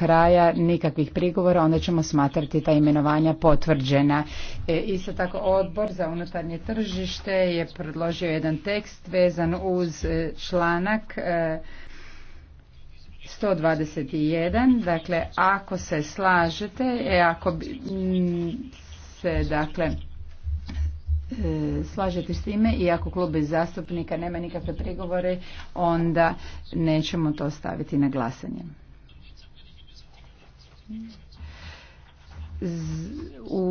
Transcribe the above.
kraja nikakvih prigovora, onda ćemo smatrati ta imenovanja potvrđena. E, isto tako odbor za unutarnje tržište je predložio jedan tekst vezan uz e, članak 121, e, dakle ako se slažete, e, ako se dakle slažete s time i ako klub zastupnika nema nikakve prigovore, onda nećemo to staviti na glasanje u